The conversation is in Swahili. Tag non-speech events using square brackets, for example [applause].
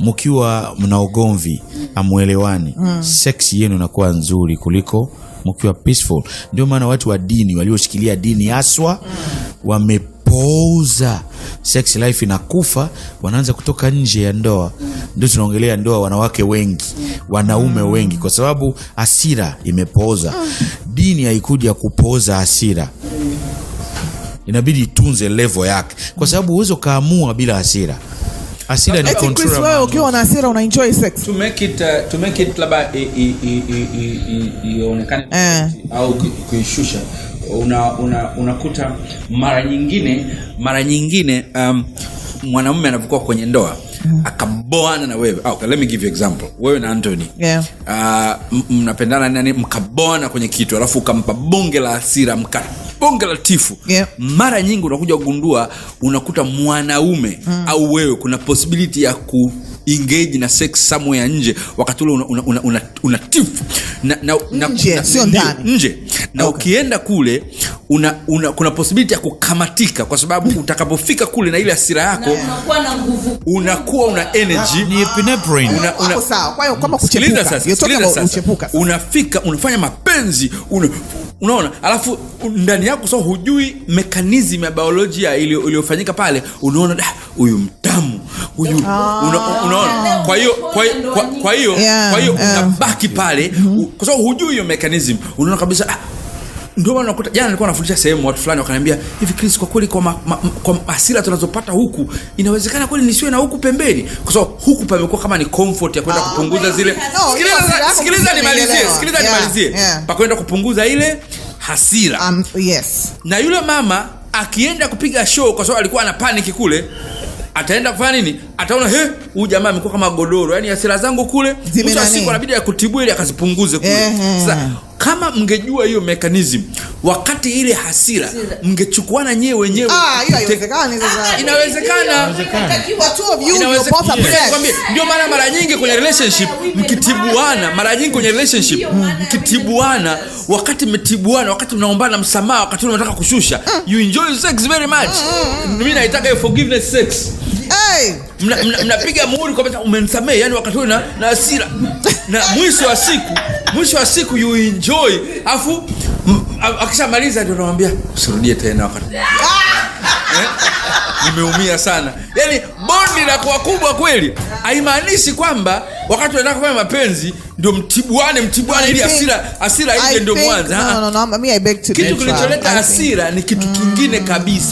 mkiwa mna ugomvi amuelewani, mm. seksi yenu inakuwa nzuri kuliko mkiwa peaceful. Ndio maana watu wa dini walioshikilia dini haswa mm. wamepouza sex life inakufa, wanaanza kutoka nje ya ndoa. Mm. Ndio tunaongelea ndoa, wanawake wengi, wanaume mm. wengi, kwa sababu hasira imepooza. Mm. Dini haikuja kupooza hasira, inabidi itunze levo yake, kwa sababu huwezi ukaamua bila hasira asira ni control. Wewe ukiwa na asira una enjoy sex. To make it uh, to make it labda ionekane eh. au kuishusha una una unakuta mara nyingine mara nyingine um, mwanamume anapokuwa kwenye ndoa mm. akaboana na wewe ah, okay, let me give you example wewe na antony yeah. uh, mnapendana nani mkaboana kwenye kitu alafu ukampa bonge la asira mkata bonge la tifu yeah. Mara nyingi unakuja kugundua unakuta mwanaume mm. au wewe kuna posibiliti ya ku engage na sex somewhere nje wakati ule una, una, una, una, una tifu na, na, na, na, na, sio nje na okay. Ukienda kule una, una, kuna posibiliti ya kukamatika kwa sababu hmm. utakapofika kule na ile asira yako unakuwa una ah, unafika unafanya mapenzi una, unaona alafu ndani yako sa hujui mekanizimu ya biolojia iliyofanyika pale, unaona ah, huyu mtamu huyu, ah. unaona. Yaani kwa hiyo kwa hiyo unabaki pale mm-hmm. kwa sababu hujui hiyo mekanizimu, unaona kabisa ah, ndio maana unakuta jana nilikuwa nafundisha sehemu watu fulani wakaniambia hivi, Chris, kwa kweli kwa, kwa hasira tunazopata huku inawezekana kweli nisiwe na huku pembeni, kwa sababu huku pamekuwa kama ni comfort ya kwenda ah, kupunguza zile. Sikiliza nimalizie, sikiliza nimalizie, pakwenda kupunguza ile hasira. Um, yes. Na yule mama akienda kupiga show, kwa sababu alikuwa ana panic kule ataenda kufanya nini? Ataona he, huyu jamaa amekuwa kama godoro, yaani hasira zangu kule, mwisho wa siku anabidi akutibue ili akazipunguze kule. Sasa kama mngejua hiyo mekanism wakati ile hasira mngechukuana nyewe wenyewe. Ah, ah, inawezekana, ndio maana mara nyingi kwenye relationship mkitibuana, mara nyingi kwenye relationship mkitibuana, wakati mmetibuana, wakati mnaombana msamaha, wakati unataka kushusha, mm. you enjoy sex very much. Mm, mm, Mimi naitaka forgiveness sex mnapiga muhuri kwamba umenisamehe, yani wakati huo na hasira, na mwisho wa siku, mwisho wa siku you enjoy afu akishamaliza ndio namwambia usirudie tena wakati [laughs] eh? nimeumia sana. Yani bondi inakuwa kubwa kweli, haimaanishi kwamba wakati unataka kufanya mapenzi ndio mtibuane mtibuane, ili asira asira ile ndio mwanzo. Ah. Kitu kilicholeta hasira ni kitu kingine mm. kabisa.